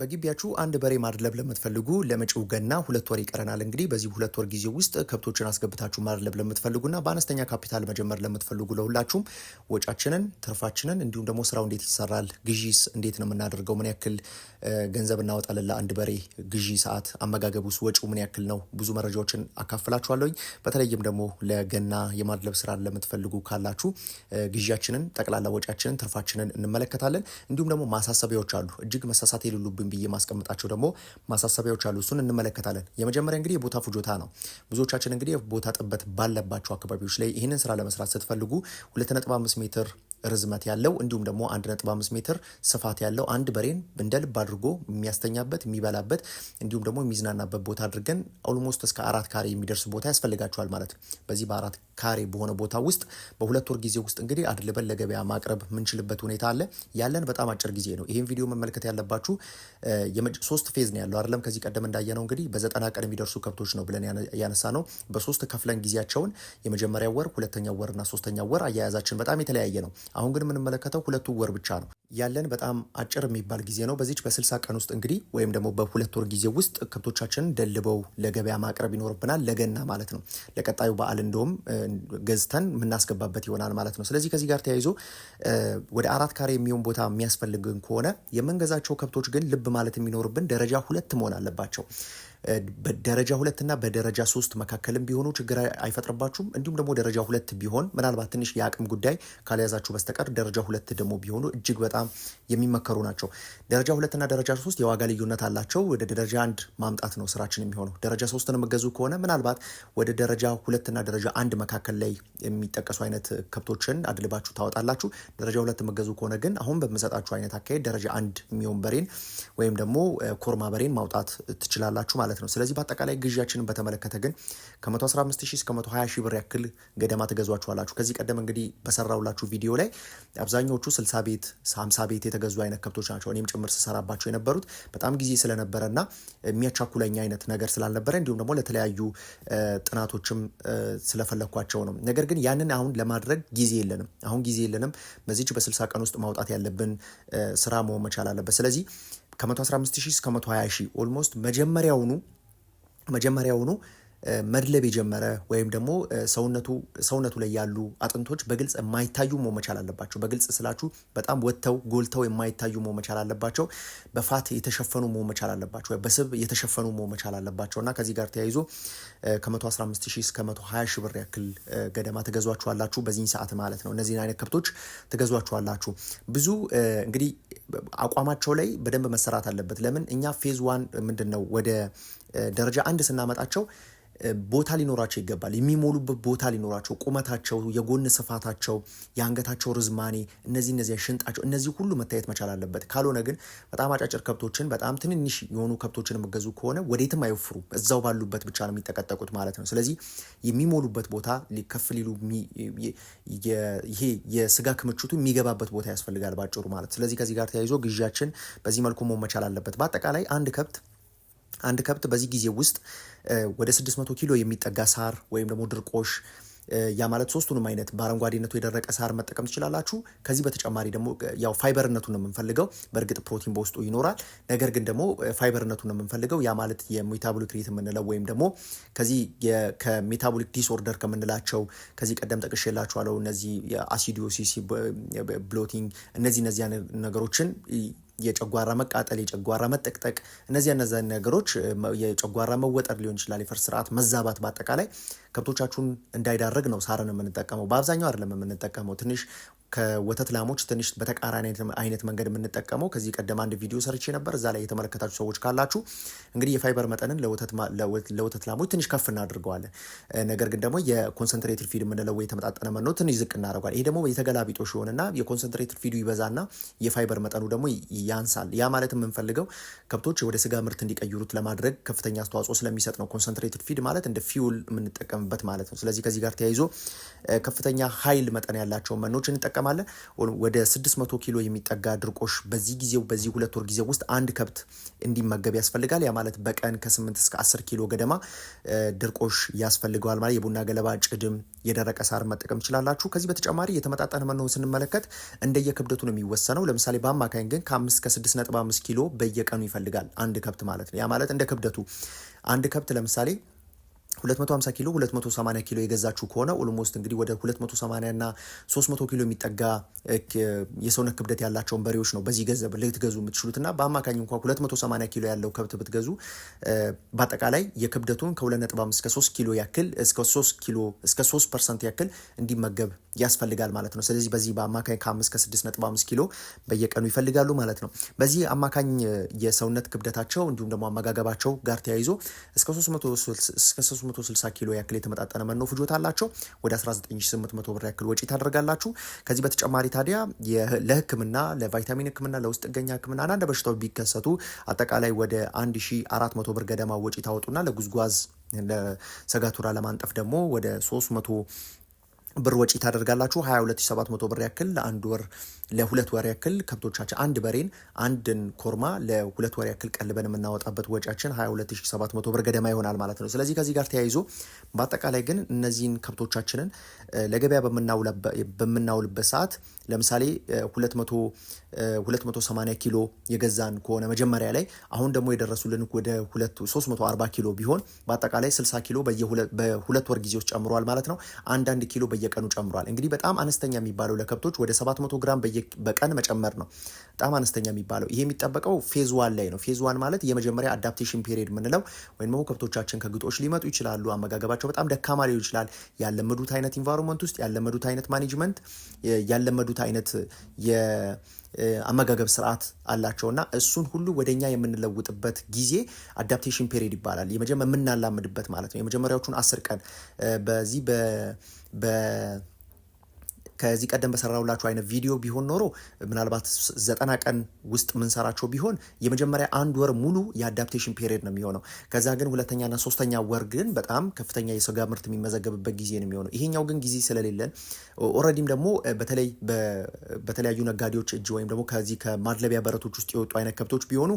በግቢያችሁ አንድ በሬ ማድለብ ለምትፈልጉ ለመጪው ገና ሁለት ወር ይቀረናል። እንግዲህ በዚህ ሁለት ወር ጊዜ ውስጥ ከብቶችን አስገብታችሁ ማድለብ ለምትፈልጉና በአነስተኛ ካፒታል መጀመር ለምትፈልጉ ለሁላችሁም ወጫችንን፣ ትርፋችንን እንዲሁም ደግሞ ስራው እንዴት ይሰራል፣ ግዢስ እንዴት ነው የምናደርገው፣ ምን ያክል ገንዘብ እናወጣለን ለአንድ በሬ ግዢ ሰዓት፣ ውስጥ ወጪው ምን ያክል ነው፣ ብዙ መረጃዎችን አካፍላችኋለሁኝ። በተለይም ደግሞ ለገና የማድለብ ስራ ለምትፈልጉ ካላችሁ ግዢያችንን፣ ጠቅላላ ወጫችንን፣ ትርፋችንን እንመለከታለን። እንዲሁም ደግሞ ማሳሰቢያዎች አሉ እጅግ መሳሳት የሌሉብ አሉብን ብዬ ማስቀምጣቸው ደግሞ ማሳሰቢያዎች አሉ። እሱን እንመለከታለን። የመጀመሪያ እንግዲህ የቦታ ፍጆታ ነው። ብዙዎቻችን እንግዲህ የቦታ ጥበት ባለባቸው አካባቢዎች ላይ ይህንን ስራ ለመስራት ስትፈልጉ 2.5 ሜትር ርዝመት ያለው እንዲሁም ደግሞ 1.5 ሜትር ስፋት ያለው አንድ በሬን እንደ ልብ አድርጎ የሚያስተኛበት የሚበላበት እንዲሁም ደግሞ የሚዝናናበት ቦታ አድርገን ኦልሞስት እስከ አራት ካሬ የሚደርስ ቦታ ያስፈልጋቸዋል ማለት ነው። በዚህ በአራት ካሬ በሆነ ቦታ ውስጥ በሁለት ወር ጊዜ ውስጥ እንግዲህ አድልበን ለገበያ ማቅረብ የምንችልበት ሁኔታ አለ። ያለን በጣም አጭር ጊዜ ነው። ይህን ቪዲዮ መመልከት ያለባችሁ ሶስት ፌዝ ነው ያለው አይደለም። ከዚህ ቀደም እንዳየነው እንግዲህ በዘጠና ቀን የሚደርሱ ከብቶች ነው ብለን ያነሳ ነው። በሶስት ከፍለን ጊዜያቸውን የመጀመሪያው ወር፣ ሁለተኛው ወርና ሶስተኛው ወር አያያዛችን በጣም የተለያየ ነው። አሁን ግን የምንመለከተው ሁለቱ ወር ብቻ ነው ያለን። በጣም አጭር የሚባል ጊዜ ነው። በዚች በስልሳ ቀን ውስጥ እንግዲህ ወይም ደግሞ በሁለት ወር ጊዜ ውስጥ ከብቶቻችንን ደልበው ለገበያ ማቅረብ ይኖርብናል። ለገና ማለት ነው። ለቀጣዩ በዓል እንደውም ገዝተን የምናስገባበት ይሆናል ማለት ነው። ስለዚህ ከዚህ ጋር ተያይዞ ወደ አራት ካሬ የሚሆን ቦታ የሚያስፈልግን ከሆነ የምንገዛቸው ከብቶች ግን ልብ ማለት የሚኖርብን ደረጃ ሁለት መሆን አለባቸው። በደረጃ ሁለትና በደረጃ ሶስት መካከልም ቢሆኑ ችግር አይፈጥርባችሁም። እንዲሁም ደግሞ ደረጃ ሁለት ቢሆን ምናልባት ትንሽ የአቅም ጉዳይ ካልያዛችሁ በስተቀር ደረጃ ሁለት ደግሞ ቢሆኑ እጅግ በጣም የሚመከሩ ናቸው። ደረጃ ሁለትና ደረጃ ሶስት የዋጋ ልዩነት አላቸው። ወደ ደረጃ አንድ ማምጣት ነው ስራችን የሚሆነው። ደረጃ ሶስትን የምገዙ ከሆነ ምናልባት ወደ ደረጃ ሁለትና ደረጃ አንድ መካከል ላይ የሚጠቀሱ አይነት ከብቶችን አድልባችሁ ታወጣላችሁ። ደረጃ ሁለት የምገዙ ከሆነ ግን አሁን በምሰጣችሁ አይነት አካሄድ ደረጃ አንድ የሚሆን በሬን ወይም ደግሞ ኮርማ በሬን ማውጣት ትችላላችሁ ማለት ማለት ነው። ስለዚህ በአጠቃላይ ግዢያችንን በተመለከተ ግን ከ115 ሺህ እስከ 120 ሺህ ብር ያክል ገደማ ትገዟችኋላችሁ። ከዚህ ቀደም እንግዲህ በሰራውላችሁ ቪዲዮ ላይ አብዛኞቹ 60 ቤት 50 ቤት የተገዙ አይነት ከብቶች ናቸው። እኔም ጭምር ስሰራባቸው የነበሩት በጣም ጊዜ ስለነበረ እና የሚያቻኩለኝ አይነት ነገር ስላልነበረ እንዲሁም ደግሞ ለተለያዩ ጥናቶችም ስለፈለግኳቸው ነው። ነገር ግን ያንን አሁን ለማድረግ ጊዜ የለንም። አሁን ጊዜ የለንም። በዚች በ60 ቀን ውስጥ ማውጣት ያለብን ስራ መሆን መቻል አለበት። ስለዚህ ከ115 ሺህ እስከ 120 ሺህ ኦልሞስት መጀመሪያውኑ መጀመሪያውኑ መድለብ የጀመረ ወይም ደግሞ ሰውነቱ ሰውነቱ ላይ ያሉ አጥንቶች በግልጽ የማይታዩ መመቻል መቻል አለባቸው። በግልጽ ስላችሁ በጣም ወጥተው ጎልተው የማይታዩ መመቻል አለባቸው። በፋት የተሸፈኑ መመቻል መቻል አለባቸው። በስብ የተሸፈኑ መመቻል መቻል አለባቸው እና ከዚህ ጋር ተያይዞ ከ115 ሺህ እስከ 120 ሺህ ብር ያክል ገደማ ትገዟችኋላችሁ፣ በዚህ ሰዓት ማለት ነው። እነዚህን አይነት ከብቶች ትገዟችኋላችሁ። ብዙ እንግዲህ አቋማቸው ላይ በደንብ መሰራት አለበት። ለምን እኛ ፌዝ ዋን ምንድን ነው ወደ ደረጃ አንድ ስናመጣቸው ቦታ ሊኖራቸው ይገባል። የሚሞሉበት ቦታ ሊኖራቸው፣ ቁመታቸው፣ የጎን ስፋታቸው፣ የአንገታቸው ርዝማኔ፣ እነዚህ እነዚህ ሽንጣቸው፣ እነዚህ ሁሉ መታየት መቻል አለበት። ካልሆነ ግን በጣም አጫጭር ከብቶችን በጣም ትንንሽ የሆኑ ከብቶችን የምገዙ ከሆነ ወዴትም አይወፍሩ፣ እዛው ባሉበት ብቻ ነው የሚጠቀጠቁት ማለት ነው። ስለዚህ የሚሞሉበት ቦታ ከፍ ሊሉ፣ ይሄ የስጋ ክምችቱ የሚገባበት ቦታ ያስፈልጋል ባጭሩ ማለት። ስለዚህ ከዚህ ጋር ተያይዞ ግዢያችን በዚህ መልኩ መሆን መቻል አለበት። በአጠቃላይ አንድ ከብት አንድ ከብት በዚህ ጊዜ ውስጥ ወደ 600 ኪሎ የሚጠጋ ሳር ወይም ደግሞ ድርቆሽ ያ ማለት ሶስቱንም አይነት በአረንጓዴነቱ የደረቀ ሳር መጠቀም ትችላላችሁ። ከዚህ በተጨማሪ ደግሞ ያው ፋይበርነቱን ነው የምንፈልገው። በእርግጥ ፕሮቲን በውስጡ ይኖራል፣ ነገር ግን ደግሞ ፋይበርነቱን ነው የምንፈልገው። ያ ማለት የሜታቦሊክ ሬት የምንለው ወይም ደግሞ ከዚህ ከሜታቦሊክ ዲስኦርደር ከምንላቸው ከዚህ ቀደም ጠቅሼላችኋለሁ እነዚህ የአሲዲዮሲሲ ብሎቲንግ እነዚህ እነዚያ ነገሮችን የጨጓራ መቃጠል፣ የጨጓራ መጠቅጠቅ፣ እነዚያ እነዚ ነገሮች የጨጓራ መወጠር ሊሆን ይችላል። የፈር ስርዓት መዛባት፣ በአጠቃላይ ከብቶቻችሁን እንዳይዳረግ ነው ሳርን የምንጠቀመው። በአብዛኛው አይደለም የምንጠቀመው፣ ትንሽ ከወተት ላሞች ትንሽ በተቃራኒ አይነት መንገድ የምንጠቀመው ከዚህ ቀደም አንድ ቪዲዮ ሰርቼ ነበር። እዛ ላይ የተመለከታችሁ ሰዎች ካላችሁ እንግዲህ የፋይበር መጠንን ለወተት ላሞች ትንሽ ከፍ እናድርገዋለን። ነገር ግን ደግሞ የኮንሰንትሬትድ ፊድ የምንለው የተመጣጠነ መኖ ትንሽ ዝቅ እናደርገዋል። ይሄ ደግሞ የተገላቢጦሽ ሲሆንና የኮንሰንትሬትድ ፊዱ ይበዛና የፋይበር መጠኑ ደግሞ ያንሳል። ያ ማለት የምንፈልገው ከብቶች ወደ ስጋ ምርት እንዲቀይሩት ለማድረግ ከፍተኛ አስተዋጽኦ ስለሚሰጥ ነው። ኮንሰንትሬትድ ፊድ ማለት እንደ ፊውል የምንጠቀምበት ማለት ነው። ስለዚህ ከዚህ ጋር ተያይዞ ከፍተኛ ኃይል መጠን ያላቸው መኖች እንጠቀም እንጠቀማለን። ወደ 600 ኪሎ የሚጠጋ ድርቆሽ በዚህ ጊዜው በዚህ ሁለት ወር ጊዜ ውስጥ አንድ ከብት እንዲመገብ ያስፈልጋል። ያ ማለት በቀን ከ8 እስከ 10 ኪሎ ገደማ ድርቆሽ ያስፈልገዋል ማለት የቡና ገለባ፣ ጭድም፣ የደረቀ ሳር መጠቀም ይችላላችሁ። ከዚህ በተጨማሪ የተመጣጠነ መኖ ስንመለከት እንደየክብደቱ ነው የሚወሰነው። ለምሳሌ በአማካኝ ግን ከ5 እስከ 6.5 ኪሎ በየቀኑ ይፈልጋል አንድ ከብት ማለት ነው። ያ ማለት እንደ ክብደቱ አንድ ከብት ለምሳሌ 250 ኪሎ 280 ኪሎ የገዛችሁ ከሆነ ኦልሞስት እንግዲህ ወደ 280 እና 300 ኪሎ የሚጠጋ የሰውነት ክብደት ያላቸውን በሬዎች ነው በዚህ ገንዘብ ልትገዙ የምትችሉት እና በአማካኝ እንኳ 280 ኪሎ ያለው ከብት ብትገዙ በአጠቃላይ የክብደቱን ከ2.5 እስከ 3 ኪሎ ያክል እስከ 3 ኪሎ እስከ 3 ፐርሰንት ያክል እንዲመገብ ያስፈልጋል ማለት ነው። ስለዚህ በዚህ በአማካኝ ከአምስት ከስድስት ነጥብ አምስት ኪሎ በየቀኑ ይፈልጋሉ ማለት ነው። በዚህ አማካኝ የሰውነት ክብደታቸው እንዲሁም ደግሞ አመጋገባቸው ጋር ተያይዞ እስከ 360 ኪሎ ያክል የተመጣጠነ መኖ ፍጆታ አላቸው። ወደ 19800 ብር ያክል ወጪ ታደርጋላችሁ። ከዚህ በተጨማሪ ታዲያ ለሕክምና ለቫይታሚን ሕክምና ለውስጥ ጥገኛ ሕክምና አንዳንድ በሽታዎች ቢከሰቱ አጠቃላይ ወደ 1400 ብር ገደማ ወጪ ታወጡና ለጉዝጓዝ ለሰጋቱራ ለማንጠፍ ደግሞ ወደ 300 ብር ወጪ ታደርጋላችሁ 22700 ብር ያክል ለአንድ ወር ለሁለት ወር ያክል ከብቶቻችን አንድ በሬን አንድን ኮርማ ለሁለት ወር ያክል ቀልበን የምናወጣበት ወጪያችን 22700 ብር ገደማ ይሆናል ማለት ነው። ስለዚህ ከዚህ ጋር ተያይዞ በአጠቃላይ ግን እነዚህን ከብቶቻችንን ለገበያ በምናውልበት ሰዓት ለምሳሌ 280 ኪሎ የገዛን ከሆነ መጀመሪያ ላይ አሁን ደግሞ የደረሱልን ወደ 340 ኪሎ ቢሆን በአጠቃላይ 60 ኪሎ በሁለት ወር ጊዜ ውስጥ ጨምሯል ማለት ነው። አንዳንድ ኪሎ በየቀኑ ጨምሯል። እንግዲህ በጣም አነስተኛ የሚባለው ለከብቶች ወደ 700 ግራም በየ በቀን መጨመር ነው። በጣም አነስተኛ የሚባለው ይሄ የሚጠበቀው ፌዝ ዋን ላይ ነው። ፌዝ ዋን ማለት የመጀመሪያ አዳፕቴሽን ፔሪድ የምንለው ወይም ደግሞ ከብቶቻችን ከግጦሽ ሊመጡ ይችላሉ። አመጋገባቸው በጣም ደካማ ሊሆን ይችላል። ያለመዱት አይነት ኢንቫይሮንመንት ውስጥ ያለመዱት አይነት ማኔጅመንት፣ ያለመዱት አይነት የአመጋገብ ስርዓት አላቸውና እሱን ሁሉ ወደኛ የምንለውጥበት ጊዜ አዳፕቴሽን ፔሪድ ይባላል። የመጀመ የምናላምድበት ማለት ነው። የመጀመሪያዎቹን አስር ቀን በዚህ በ ከዚህ ቀደም በሰራውላችሁ አይነት ቪዲዮ ቢሆን ኖሮ ምናልባት ዘጠና ቀን ውስጥ ምንሰራቸው ቢሆን የመጀመሪያ አንድ ወር ሙሉ የአዳፕቴሽን ፔሪየድ ነው የሚሆነው። ከዛ ግን ሁለተኛና ሶስተኛ ወር ግን በጣም ከፍተኛ የስጋ ምርት የሚመዘገብበት ጊዜ ነው የሚሆነው። ይሄኛው ግን ጊዜ ስለሌለን ኦልሬዲም ደግሞ በተለይ በተለያዩ ነጋዴዎች እጅ ወይም ደግሞ ከዚህ ከማድለቢያ በረቶች ውስጥ የወጡ አይነት ከብቶች ቢሆኑ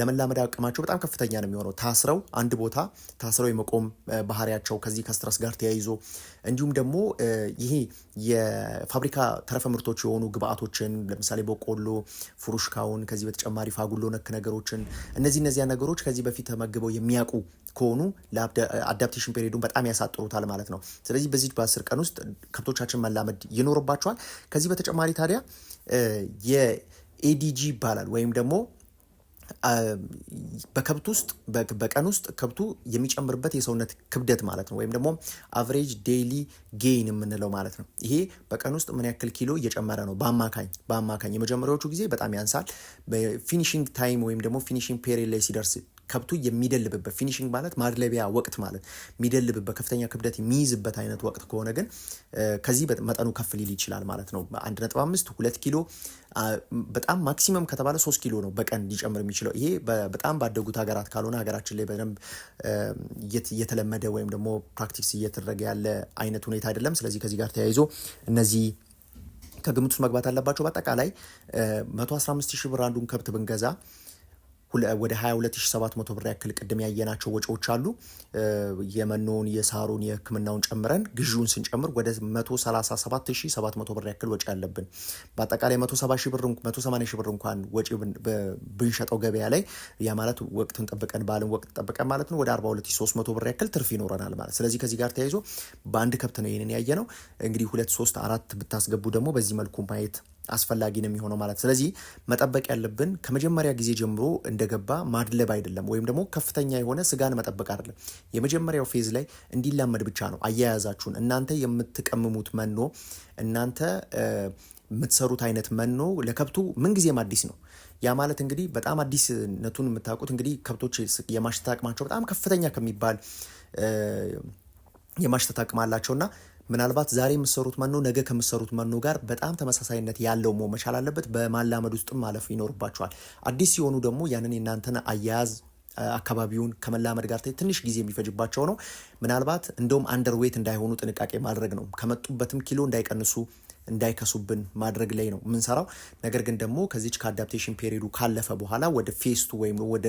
ለመላመድ አቅማቸው በጣም ከፍተኛ ነው የሚሆነው። ታስረው አንድ ቦታ ታስረው የመቆም ባህሪያቸው ከዚህ ከስትረስ ጋር ተያይዞ እንዲሁም ደግሞ ይሄ የፋብሪካ ተረፈ ምርቶች የሆኑ ግብአቶችን ለምሳሌ በቆሎ፣ ፍሩሽካውን ከዚህ በተጨማሪ ፋጉሎ ነክ ነገሮችን እነዚህ እነዚያ ነገሮች ከዚህ በፊት ተመግበው የሚያውቁ ከሆኑ ለአዳፕቴሽን ፔሪዱን በጣም ያሳጥሩታል ማለት ነው። ስለዚህ በዚህ በአስር ቀን ውስጥ ከብቶቻችን መላመድ ይኖርባቸዋል። ከዚህ በተጨማሪ ታዲያ የኤዲጂ ይባላል ወይም ደግሞ በከብት ውስጥ በቀን ውስጥ ከብቱ የሚጨምርበት የሰውነት ክብደት ማለት ነው፣ ወይም ደግሞ አቨሬጅ ዴይሊ ጌይን የምንለው ማለት ነው። ይሄ በቀን ውስጥ ምን ያክል ኪሎ እየጨመረ ነው በአማካኝ በአማካኝ የመጀመሪያዎቹ ጊዜ በጣም ያንሳል። በፊኒሽንግ ታይም ወይም ደግሞ ፊኒሽንግ ፔሪድ ላይ ሲደርስ ከብቱ የሚደልብበት ፊኒሽንግ ማለት ማድለቢያ ወቅት ማለት የሚደልብበት ከፍተኛ ክብደት የሚይዝበት አይነት ወቅት ከሆነ ግን ከዚህ መጠኑ ከፍ ሊል ይችላል ማለት ነው። 1.5 2 ኪሎ በጣም ማክሲመም ከተባለ 3 ኪሎ ነው በቀን ሊጨምር የሚችለው። ይሄ በጣም ባደጉት ሀገራት ካልሆነ ሀገራችን ላይ በደንብ እየተለመደ ወይም ደግሞ ፕራክቲክስ እየተደረገ ያለ አይነት ሁኔታ አይደለም። ስለዚህ ከዚህ ጋር ተያይዞ እነዚህ ከግምት ውስጥ መግባት አለባቸው። በአጠቃላይ 115 ሺህ ብር አንዱን ከብት ብንገዛ ወደ 22700 ብር ያክል ቅድም ያየናቸው ወጪዎች አሉ። የመኖውን የሳሩን የህክምናውን ጨምረን ግዢውን ስንጨምር ወደ 137700 ብር ያክል ወጪ ያለብን በአጠቃላይ 180 ሺህ ብር እንኳን ወጪ ብንሸጠው ገበያ ላይ ያ ማለት ወቅትን ጠብቀን ባልን ወቅት ጠብቀን ማለት ነው ወደ 42300 ብር ያክል ትርፍ ይኖረናል ማለት። ስለዚህ ከዚህ ጋር ተያይዞ በአንድ ከብት ነው ይህንን ያየ ነው። እንግዲህ ሁለት ሶስት አራት ብታስገቡ ደግሞ በዚህ መልኩ ማየት አስፈላጊ ነው የሚሆነው ማለት። ስለዚህ መጠበቅ ያለብን ከመጀመሪያ ጊዜ ጀምሮ እንደገባ ማድለብ አይደለም፣ ወይም ደግሞ ከፍተኛ የሆነ ስጋን መጠበቅ አይደለም። የመጀመሪያው ፌዝ ላይ እንዲላመድ ብቻ ነው። አያያዛችሁን እናንተ የምትቀምሙት መኖ እናንተ የምትሰሩት አይነት መኖ ለከብቱ ምንጊዜም አዲስ ነው። ያ ማለት እንግዲህ በጣም አዲስነቱን የምታውቁት እንግዲህ ከብቶች የማሽተት አቅማቸው በጣም ከፍተኛ ከሚባል የማሽተት አቅም አላቸውና ምናልባት ዛሬ የምሰሩት መኖ ነገ ከምሰሩት መኖ ጋር በጣም ተመሳሳይነት ያለው መሆን መቻል አለበት። በማላመድ ውስጥም ማለፍ ይኖርባቸዋል። አዲስ ሲሆኑ ደግሞ ያንን የእናንተን አያያዝ አካባቢውን ከመላመድ ጋር ትንሽ ጊዜ የሚፈጅባቸው ነው። ምናልባት እንደውም አንደርዌት እንዳይሆኑ ጥንቃቄ ማድረግ ነው። ከመጡበትም ኪሎ እንዳይቀንሱ እንዳይከሱብን ማድረግ ላይ ነው የምንሰራው። ነገር ግን ደግሞ ከዚች ከአዳፕቴሽን ፔሪዱ ካለፈ በኋላ ወደ ፌስቱ ወይም ወደ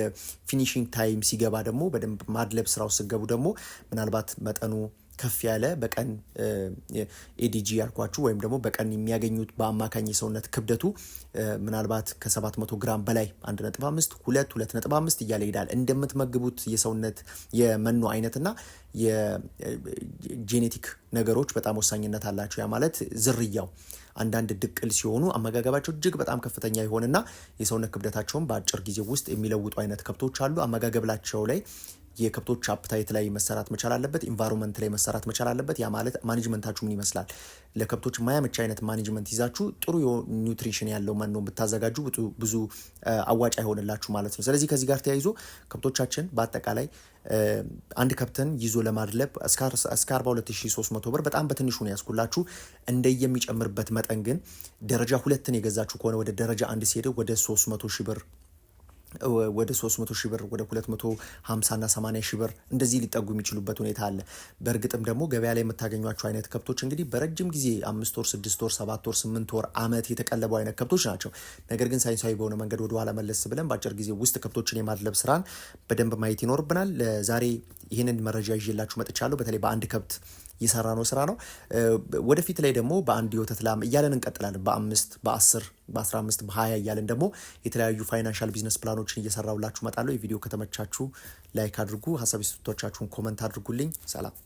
ፊኒሽንግ ታይም ሲገባ ደግሞ በደንብ ማድለብ ስራው ስገቡ ደግሞ ምናልባት መጠኑ ከፍ ያለ በቀን ኤዲጂ ያልኳችሁ ወይም ደግሞ በቀን የሚያገኙት በአማካኝ የሰውነት ክብደቱ ምናልባት ከ700 ግራም በላይ 1.5 ሁለት 2.5 እያለ ይሄዳል። እንደምትመግቡት የሰውነት የመኖ አይነትና የጄኔቲክ ነገሮች በጣም ወሳኝነት አላቸው። ያ ማለት ዝርያው አንዳንድ ድቅል ሲሆኑ አመጋገባቸው እጅግ በጣም ከፍተኛ የሆነና የሰውነት ክብደታቸውን በአጭር ጊዜ ውስጥ የሚለውጡ አይነት ከብቶች አሉ። አመጋገብላቸው ላይ የከብቶች አፕታይት ላይ መሰራት መቻል አለበት። ኢንቫይሮንመንት ላይ መሰራት መቻል አለበት። ያ ማለት ማኔጅመንታችሁ ምን ይመስላል? ለከብቶች ማያመች አይነት ማኔጅመንት ይዛችሁ ጥሩ ኒውትሪሽን ያለው መኖ ብታዘጋጁ ብዙ አዋጭ አይሆንላችሁ ማለት ነው። ስለዚህ ከዚህ ጋር ተያይዞ ከብቶቻችን በአጠቃላይ አንድ ከብትን ይዞ ለማድለብ እስከ 42300 ብር በጣም በትንሹ ነው ያስኩላችሁ። እንደ የሚጨምርበት መጠን ግን ደረጃ ሁለትን የገዛችሁ ከሆነ ወደ ደረጃ አንድ ሲሄድ ወደ 300 ሺህ ብር ወደ 300 ሺህ ብር ወደ 250 እና 80 ሺህ ብር እንደዚህ ሊጠጉ የሚችሉበት ሁኔታ አለ። በእርግጥም ደግሞ ገበያ ላይ የምታገኟቸው አይነት ከብቶች እንግዲህ በረጅም ጊዜ አምስት ወር፣ ስድስት ወር፣ ሰባት ወር፣ ስምንት ወር፣ አመት የተቀለቡ አይነት ከብቶች ናቸው። ነገር ግን ሳይንሳዊ በሆነ መንገድ ወደኋላ መለስ ብለን በአጭር ጊዜ ውስጥ ከብቶችን የማድለብ ስራን በደንብ ማየት ይኖርብናል። ለዛሬ ይህንን መረጃ ይዤላችሁ መጥቻለሁ። በተለይ በአንድ ከብት እየሰራ ነው ስራ ነው። ወደፊት ላይ ደግሞ በአንድ የወተት ላም እያለን እንቀጥላለን። በአምስት በአስር በአስራ አምስት በሀያ እያለን ደግሞ የተለያዩ ፋይናንሻል ቢዝነስ ፕላኖችን እየሰራውላችሁ እመጣለሁ። የቪዲዮ ከተመቻችሁ ላይክ አድርጉ። ሀሳብ ስቶቻችሁን ኮመንት አድርጉልኝ። ሰላም